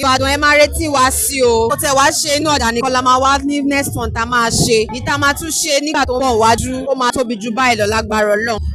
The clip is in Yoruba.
Ìbàdàn ẹ máa retí wa sí o ó tẹ wá ṣe inú ọ̀dà nìkan la máa wá ní next one tá máa ṣe ìta máa tún ṣe nígbà tó ń bọ̀ wájú ó máa tóbi ju báyìí lọ lágbára Ọlọ́run